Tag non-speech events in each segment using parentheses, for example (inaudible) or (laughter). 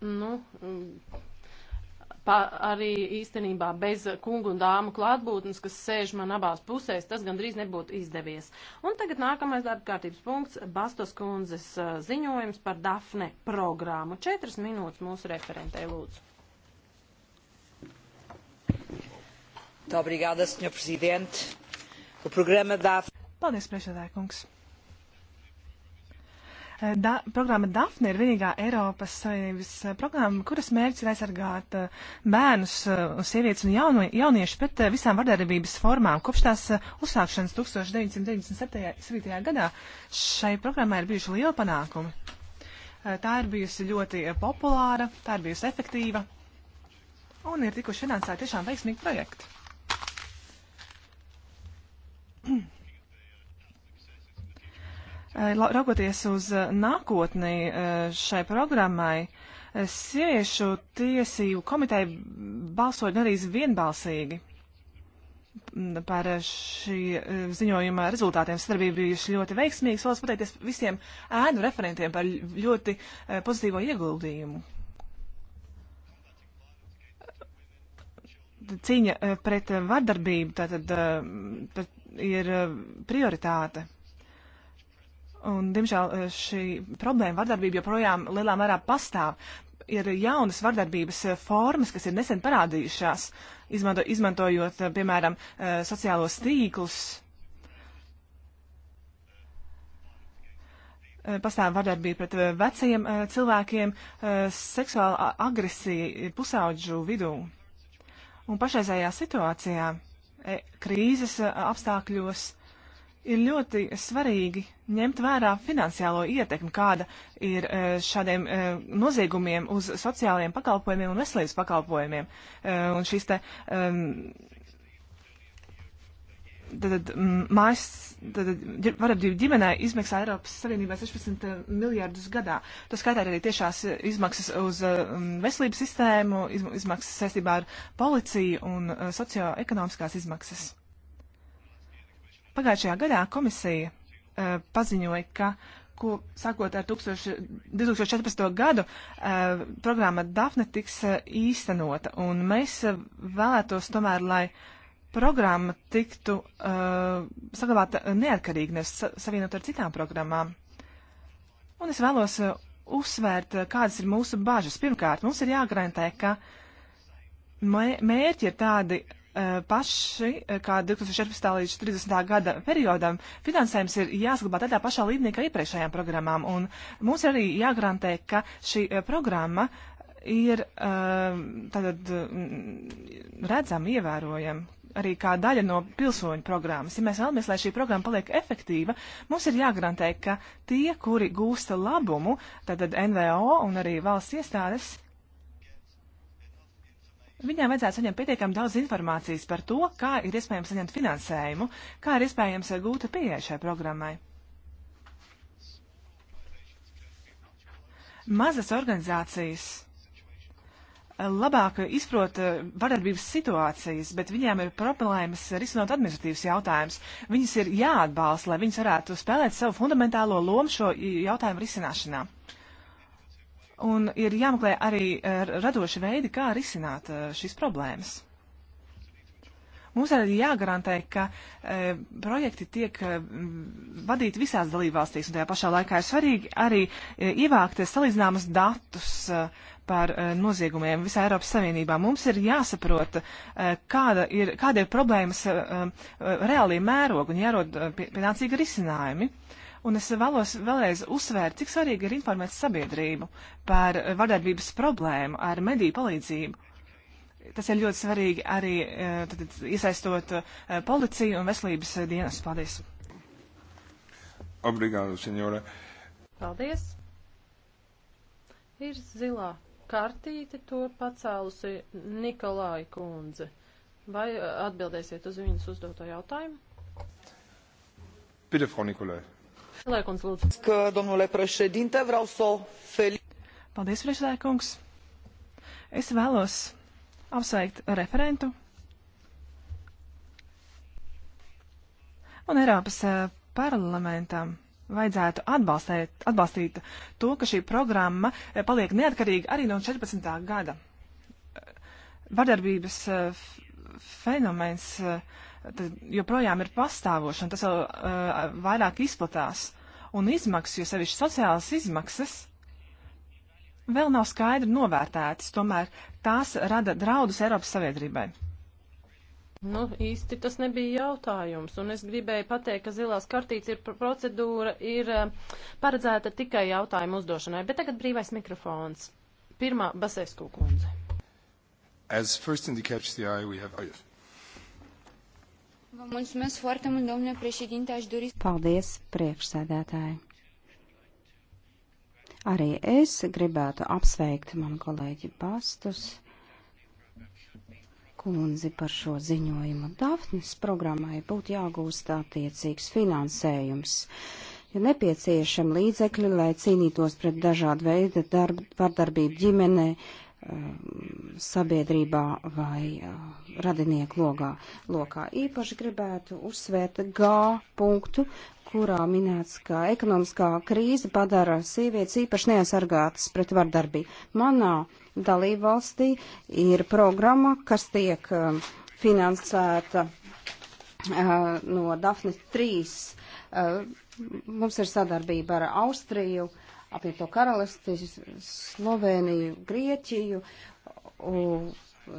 Nu, pa, arī īstenībā bez kungu un dāmu klātbūtnes, kas sēž man abās pusēs, tas gandrīz nebūtu izdevies. Un tagad nākamais darba kārtības punkts - Bastos kundzes ziņojums par Dafne programmu. Četras minūtes mūsu referentē lūdzu. Obrigada, Sr. Presidente. O programa Dafne. Paldies, priekšsēdētājkungs. Da, programma Dafne ir vienīgā Eiropas Savienības eh, programma, kuras mērķis ir aizsargāt eh, bērnus, eh, sievietes un jauno, jauniešus pret visām vardarbības formām. Kopš tās uzsākšanas 1997. gadā šai programmai ir bijuši liela panākumi. Tā ir bijusi ļoti populāra, tā ir bijusi efektīva un ir tikuši finansēti tiešām veiksmīgi projekti. (clears throat) Eh, raugoties uz eh, nākotni eh, šai programmai, sieviešu tiesību komiteja balsoja gandrīz vienbalsīgi par šī ziņojuma rezultātiem. Sadarbība bijuši ļoti veiksmīga. Vēlos pateikties visiem ēnu referentiem par ļoti pozitīvo ieguldījumu. Cīņa pret vardarbību tātad ir prioritāte. Un, diemžēl eh, šī problēma vardarbība joprojām lielā mērā pastāv. Ir jaunas vardarbības eh, formas, kas ir nesen parādījušās, izmanto, izmantojot, eh, piemēram, sociālos tīklus. Pastāv vardarbība pret vecajiem cilvēkiem, seksuāla agresija pusauģu vidū. Un pašreizējā situācijā, krīzes apstākļos, ir ļoti svarīgi ņemt vērā finansiālo ietekmi, kāda ir eh, šādiem eh, noziegumiem uz sociālajiem pakalpojumiem un veselības pakalpojumiem. Eh, un šis te um, tad, mm, mājas vardarbība ģimenē izmaksā Eiropas Savienībā 16 miljārdus gadā. Tas skaitā arī tiešās izmaksas uz mm, veselības sistēmu, izmaksas saistībā ar policiju un socioekonomiskās izmaksas. Pagājušajā gadā komisija uh, paziņoja, ka ko, sākot ar 1000, 2014. gadu, uh, programma Dafne tiks uh, īstenota, un mēs uh, vēlētos tomēr, lai programma tiktu uh, saglabāta neatkarīgi, nevis sa savienot ar citām programmām. Un es vēlos uh, uzsvērt, uh, kādas ir mūsu bažas. Pirmkārt, mums ir jāgarantē, ka mērķi ir tādi, uh, Eh, paši, eh, kā 2014. līdz 30. gada periodam, finansējums ir jāsaglabā tādā pašā līmenī kā iepriekšējām programmām, un mums arī jāgarantē, ka šī eh, programma ir tātad mm, redzama, ievērojama arī kā daļa no pilsoņu programmas. Ja mēs vēlamies, lai šī programma paliek efektīva, mums ir jāgarantē, ka tie, kuri gūsta labumu, tātad NVO un arī valsts iestādes, Viņām vajadzētu saņemt pietiekami daudz informācijas par to, kā ir iespējams saņemt finansējumu, kā ir iespējams gūt pieeja šai programmai. Mazas organizācijas labāk izprot eh, vardarbības situācijas, bet viņām ir problēmas risinot administratīvas jautājumus. Viņas ir jāatbalsta, lai viņas varētu spēlēt savu fundamentālo lomu šo jautājumu risināšanā. Uh, un ir jāmeklē arī eh, radoši veidi, kā risināt eh, šīs problēmas. Mums arī jāgarantē, ka e, projekti tiek e, vadīti visās dalībvalstīs, un tajā pašā laikā ir svarīgi arī e, ievākt salīdzināmas datus e, par e, noziegumiem visā Eiropas Savienībā. Mums ir jāsaprot, e, kāda ir, kāda ir problēmas e, e, reālī mēroga un jārod e, pienācīgi risinājumi. E, Un es vēlos vēlreiz uzsvērt, cik svarīgi ir informēt sabiedrību par vardarbības problēmu ar mediju palīdzību. Tas ir ļoti svarīgi arī e, tad, iesaistot e, policiju un veselības dienas. Paldies! Obrigado, senjore! Paldies! Ir zilā kartīte, to pacēlusi Nikolai kundze. Vai e, atbildēsiet uz viņas uzdoto jautājumu? Pide, Frau Nikolai. Lēkons, lūdzu. Ka, domnule președinte, vreau să o felicit. Paldies, priekšsēkungs. Es vēlos apsveikt referentu un Eiropas eh, parlamentam vajadzētu atbalstēt, atbalstīt to, ka šī programma eh, paliek neatkarīga arī no 14. gada. Eh, vardarbības fenomens uh, joprojām ir pastāvoši, un tas vēl uh, vairāk izplatās. Un izmaksas, jo sevišķi sociālas izmaksas, vēl nav skaidri novērtētas, tomēr tās rada draudus Eiropas Saviedrībai. Nu, īsti tas nebija jautājums, un es gribēju pateikt, ka zilās kartītes ir procedūra, ir eh, paredzēta tikai jautājumu uzdošanai, bet tagad brīvais mikrofons. Pirmā Basēsku kundze. As first in the catch the eye, we have... Oh, yes. Mulțumesc foarte mult, domnule președinte, aș dori... Paldies, priekšsēdētāji. Arī es gribētu apsveikt manu kolēģi Bastus kundzi par šo ziņojumu. Dafnes programmai būtu jāgūst attiecīgs finansējums. Ir nepieciešami līdzekļi, lai cīnītos pret dažādu veidu darb, vardarbību ģimenei Um, sabiedrībā vai uh, radinieku logā, lokā. Īpaši gribētu uzsvērt G punktu, kurā minēts, ka ekonomiskā krīze padara sievietes īpaši neaizsargātas pret vardarbību. Manā dalībvalstī ir programma, kas tiek um, finansēta uh, no Dafne 3. Uh, mums ir sadarbība ar Austriju apvienoto karalisti, Sloveniju, Grieķiju,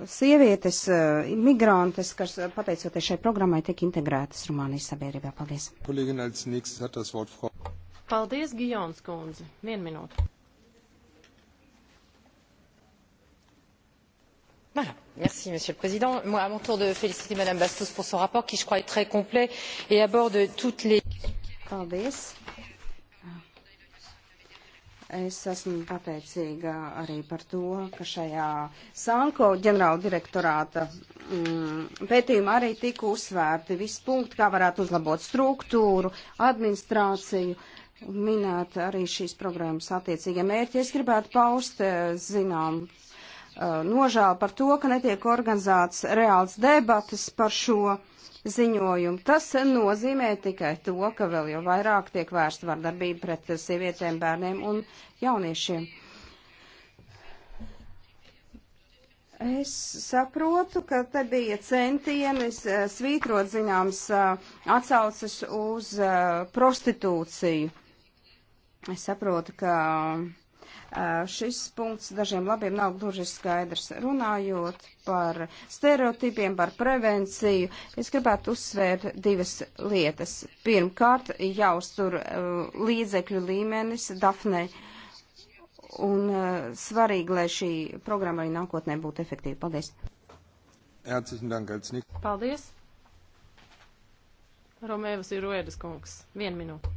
sievietes, e, migrantes, kas e, pateicoties šai programmai tiek integrētas Rumānijas sabiedrībā. Paldies. Paldies, Gijons kundze. Vienu minūtu. Voilà. Merci, monsieur le président moi à mon tour de féliciter mme bastos pour son rapport qui je crois est très complet et aborde toutes les. Paldies. Es esmu pateicīga arī par to, ka šajā Sanko ģenerāla direktorāta mm, pētījumā arī tika uzsvērti visi punkti, kā varētu uzlabot struktūru, administrāciju, minēt arī šīs programmas attiecīgie mērķi. Es gribētu paust eh, zinām Uh, nožēlu par to, ka netiek organizēts reāls debatas par šo ziņojumu. Tas nozīmē tikai to, ka vēl jau vairāk tiek vērsta vardarbība pret sievietēm, bērniem un jauniešiem. Es saprotu, ka te bija centieni eh, svītrot zināms eh, atsaucas uz eh, prostitūciju. Es saprotu, ka šis punkts dažiem labiem nav gluži skaidrs. Runājot par stereotipiem, par prevenciju, es gribētu uzsvērt divas lietas. Pirmkārt, jāuztur uh, līdzekļu līmenis Dafnei. Un uh, svarīgi, lai šī programma arī nākotnē būtu efektīva. Paldies! Paldies! Romēvas ir Ruedas kungs. Vienu minūtu.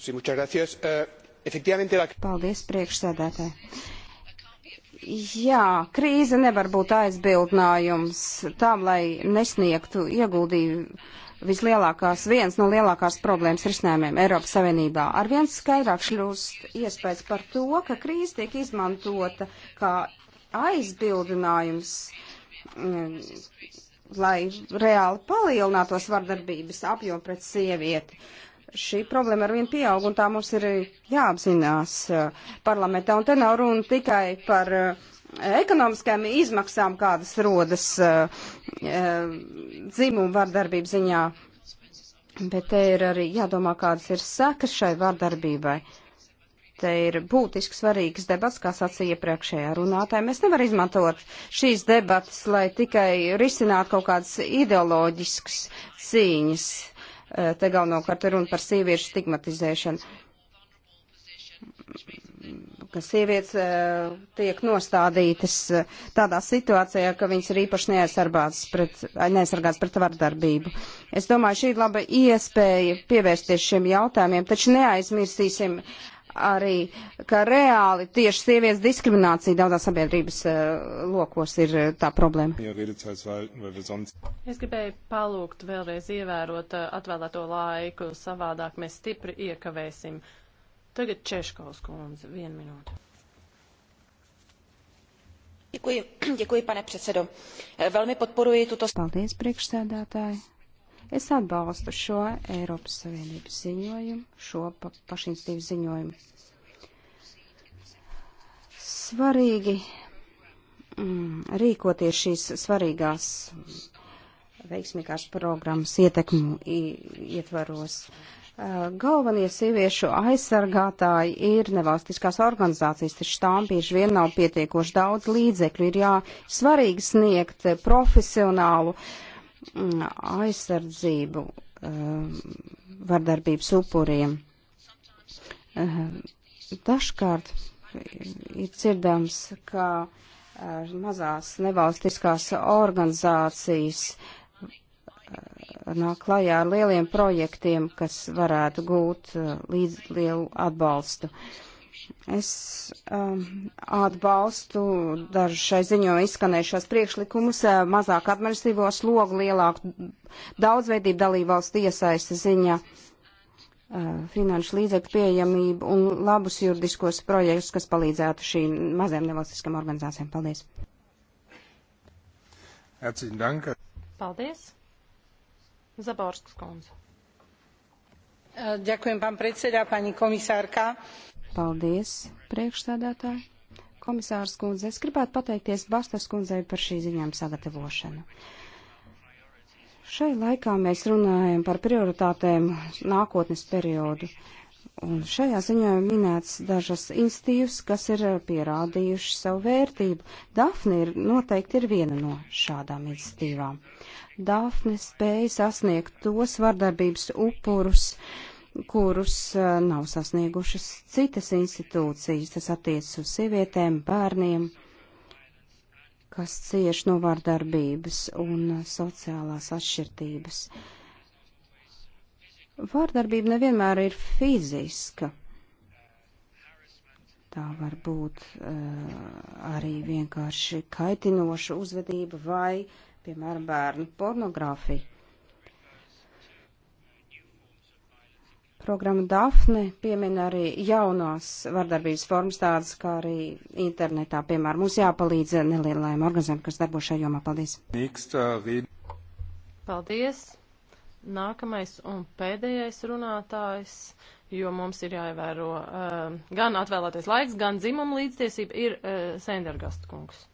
Sí, muchas gracias. Uh, efektīvamente. Paldies, priekšsēdētāji. Jā, krīze nevar būt aizbildinājums tam, lai nesniegtu ieguldījumu vislielākās, viens no lielākās problēmas risinājumiem Eiropas Savienībā. Ar viens skaidrāk šļūst iespējas par to, ka krīze tiek izmantota kā aizbildinājums, m, mm, lai reāli palielinātos vardarbības apjom pret sievieti. Uh, šī problēma ar vienu pieaug, un tā mums ir jāapzinās eh, parlamentā. Un te nav runa tikai par eh, ekonomiskajām izmaksām, kādas rodas eh, dzimumu vardarbību ziņā, bet te ir arī jādomā, kādas ir sekas šai vardarbībai. Te ir būtiski svarīgs debats, kā sacīja iepriekšējā runātāja. Mēs nevar izmantot šīs debatas, lai tikai risinātu kaut kādas ideoloģiskas cīņas. Uh, Eh, te galvenokārt ir runa par sieviešu stigmatizēšanu ka sievietes uh, tiek nostādītas uh, tādā situācijā, ka viņas ir īpaši neaizsargātas pret, neaizsargātas pret vardarbību. Es domāju, šī ir laba iespēja pievērsties šiem jautājumiem, taču neaizmirsīsim arī, ka reāli tieši sievietes diskriminācija daudzās sabiedrības uh, lokos ir uh, tā problēma. Es gribēju palūgt vēlreiz ievērot uh, atvēlēto laiku, savādāk mēs stipri iekavēsim. Tagad Češkovs kundze, vienu minūtu. Děkuji, (clears throat) děkuji, pane předsedo. Velmi podporuji tuto... Paldies, priekšsēdētāji. Es atbalstu šo Eiropas Savienības ziņojumu, šo pa, pašinstīvu ziņojumu. Svarīgi mm, rīkoties šīs svarīgās veiksmīgās programmas ietekmu ietvaros. Uh, galvenie sieviešu aizsargātāji ir nevalstiskās organizācijas, taču tām bieži vien nav pietiekoši daudz līdzekļu. Ir jā, svarīgi sniegt profesionālu uh, aizsardzību um, vardarbības upuriem. Uh, dažkārt ir dzirdams, ka uh, mazās nevalstiskās organizācijas uh, nāk klajā ar lieliem projektiem, kas varētu gūt līdz lielu atbalstu. Uh, Es um, atbalstu dažu šai ziņo izskanējušos priekšlikumus, uh, mazāk administrīvo slogu, lielāku daudzveidību dalībvalstu iesaisti ziņā, uh, finanšu līdzekļu pieejamību un labus juridiskos projektus, kas palīdzētu šīm mazajām nevalstiskām organizācijām. Paldies! Paldies! Zaborskas kundze. Ďakujem, pán predseda, pani komisárka. Paldies, priekšstādātāji. Komisārs kundze, es gribētu pateikties Bastas kundzei par šī ziņām sagatavošanu. Šai laikā mēs runājam par prioritātēm nākotnes periodu. Un šajā ziņā minēts dažas institīvas, kas ir pierādījuši savu vērtību. Dafne ir noteikti ir viena no šādām institīvām. Dafne spēja sasniegt tos vardarbības upurus, uh, kurus nav sasniegušas citas institūcijas. Tas attiecas uz sievietēm, bērniem, kas cieši no vārdarbības un sociālās atšķirtības. Vārdarbība nevienmēr ir fiziska. Tā var būt uh, arī vienkārši kaitinoša uzvedība vai, piemēram, bērnu pornogrāfija. Programma Dafne piemin arī jaunās vardarbības formas tādas, kā arī internetā, piemēram, mums jāpalīdz nelielajiem organizēm, kas darbo šajā jomā. Paldies! Paldies! Nākamais un pēdējais runātājs, jo mums ir jāievēro uh, gan atvēlētais laiks, gan dzimuma līdztiesība, ir uh, Sendergast kungs.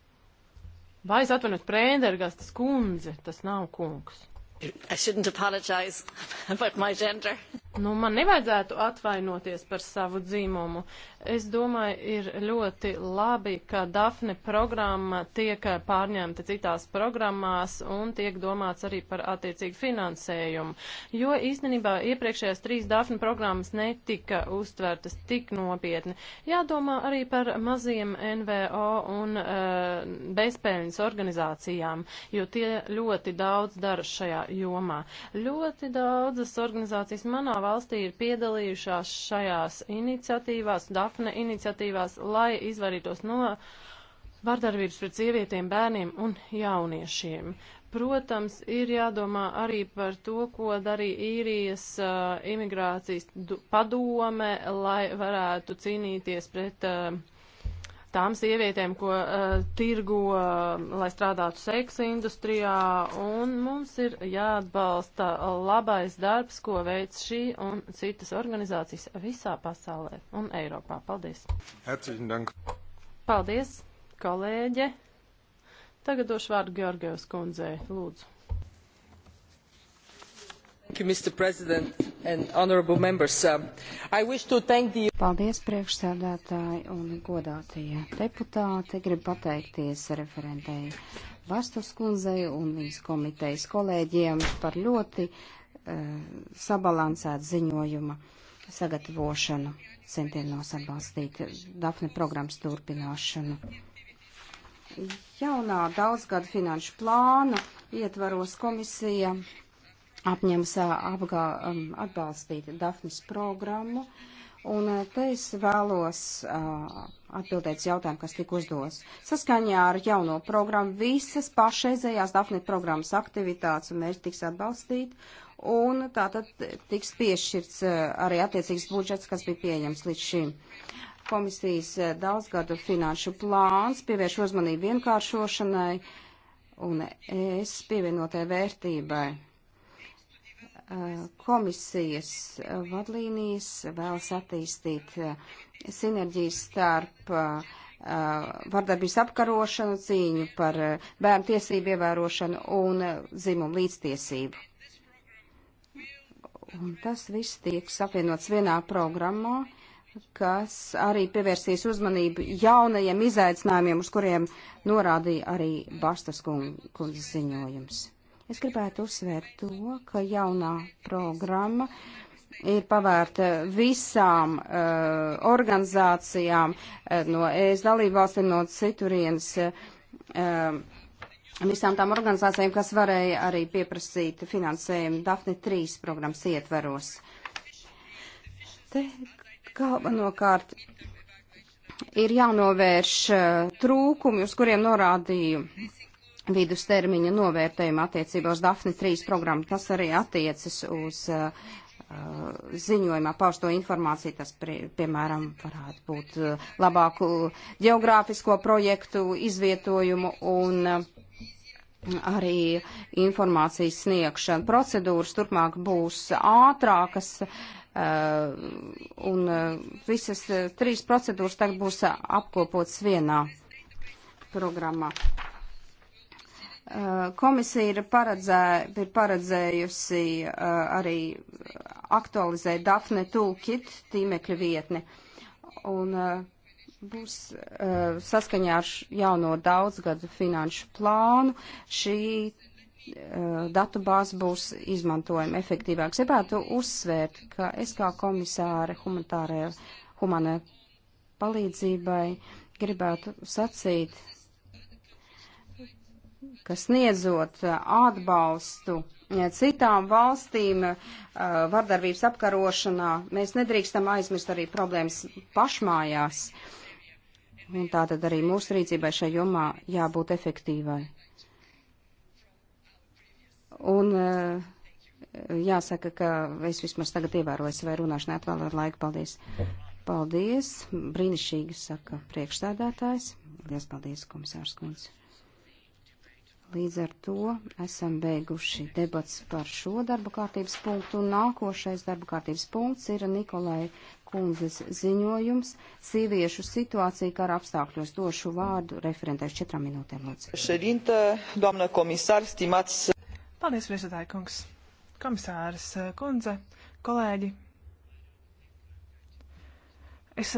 Vai es atvainojos Prēndergastas kundze, tas nav kungs. I shouldn't apologize (laughs) about my gender. Nu, man nevajadzētu atvainoties par savu dzīmumu. Es domāju, ir ļoti labi, ka Dafne programma tiek pārņemta citās programmās un tiek domāts arī par attiecīgu finansējumu. Jo īstenībā iepriekšējās trīs Dafne programmas netika uztvertas tik nopietni. Jādomā arī par maziem NVO un uh, bezpēļņas organizācijām, jo tie ļoti daudz dara šajā jomā. Ļoti daudzas organizācijas manā valstī ir piedalījušās šajās iniciatīvās, Dafne iniciatīvās, lai izvarītos no vardarbības pret sievietiem, bērniem un jauniešiem. Protams, ir jādomā arī par to, ko darīja īrijas uh, imigrācijas padome, lai varētu cīnīties pret uh, tām sievietēm, ko uh, tirgo, uh, lai strādātu seksa industrijā, un mums ir jāatbalsta labais darbs, ko veic šī un citas organizācijas visā pasaulē un Eiropā. Paldies! Herzlichen Dank! Paldies, kolēģe! Tagad došu vārdu Georgievas kundzei, lūdzu. Thank you, Mr. President and honourable members. Um, I wish to thank the... Paldies priekšsēdētāji un godātie deputāti. Gribu pateikties referentēji Vastus kundzei un viņas komitejas kolēģiem par ļoti uh, sabalansētu ziņojuma sagatavošanu, centienos atbalstīt Dafne programmas turpināšanu. Jaunā daudzgada finanšu plāna ietvaros komisija apņems apgā, um, atbalstīt Dafnis programmu. Un te es vēlos uh, atbildēt uz jautājumu, kas tika uzdos. Saskaņā ar jauno programmu visas pašreizējās Dafni programmas aktivitātes un mērķi tiks atbalstīt, un tātad tiks piešķirts uh, arī attiecīgs budžets, kas bija pieņems līdz šim. Komisijas uh, daudzgadu finanšu plāns pievērš uzmanību vienkāršošanai un es pievienotai vērtībai komisijas vadlīnijas vēlas attīstīt eh, sinerģijas starp eh, vardarbības apkarošanu, cīņu par eh, bērnu tiesību ievērošanu un dzimumu līdztiesību. Un tas viss tiek savienots vienā programmā, kas arī pievērsīs uzmanību jaunajiem izaicinājumiem, uz kuriem norādīja arī Bastas kundzes ziņojums. Es gribētu uzsvērt to, ka jaunā programma ir pavērta visām uh, organizācijām uh, no ES dalībvalstīm, no citurienes. Uh, Visām tām organizācijām, kas varēja arī pieprasīt finansējumu Dafne 3 programmas ietveros. Te galvenokārt ir jānovērš uh, trūkumi, uz kuriem norādīju vidustermiņa novērtējumu attiecībā uz Dafni 3 programmu. Tas arī attiecas uz uh, uh ziņojumā pausto informāciju, tas, prie, piemēram, varētu būt uh, labāku geogrāfisko projektu izvietojumu un uh, arī informācijas sniegšana. Procedūras turpmāk būs ātrākas. Uh, un uh, visas uh, trīs procedūras tagad būs apkopotas vienā programmā. Eh, komisija ir, paredzē, ir paredzējusi eh, arī aktualizēt Dafne Toolkit tīmekļa vietni. Un eh, būs saskaņā ar jauno daudzgadu finanšu plānu šī datubāze būs izmantojama efektīvāk. Gribētu uzsvērt, ka es kā komisāre humanitārajai humanē palīdzībai gribētu sacīt, kas sniedzot uh, atbalstu uh, citām valstīm uh, vardarbības apkarošanā, mēs nedrīkstam aizmirst arī problēmas pašmājās. Un tā tad arī mūsu rīcībai šai jomā jābūt efektīvai. Un jāsaka, ka es vismaz tagad ievēroju savai runāšanai atvēlēt laiku. Paldies! Paldies! Brīnišķīgi saka priekšstādātājs. Lielas paldies, komisārs Kunds! Līdz ar to esam beiguši debats par šo darba kārtības punktu, un nākošais darba kārtības punkts ir Nikolai kundzes ziņojums - sieviešu situācija kara apstākļos. Došu vārdu referentēs četrām minūtēm. Paldies, viesatājkungs, komisārs eh, kundze, kolēģi,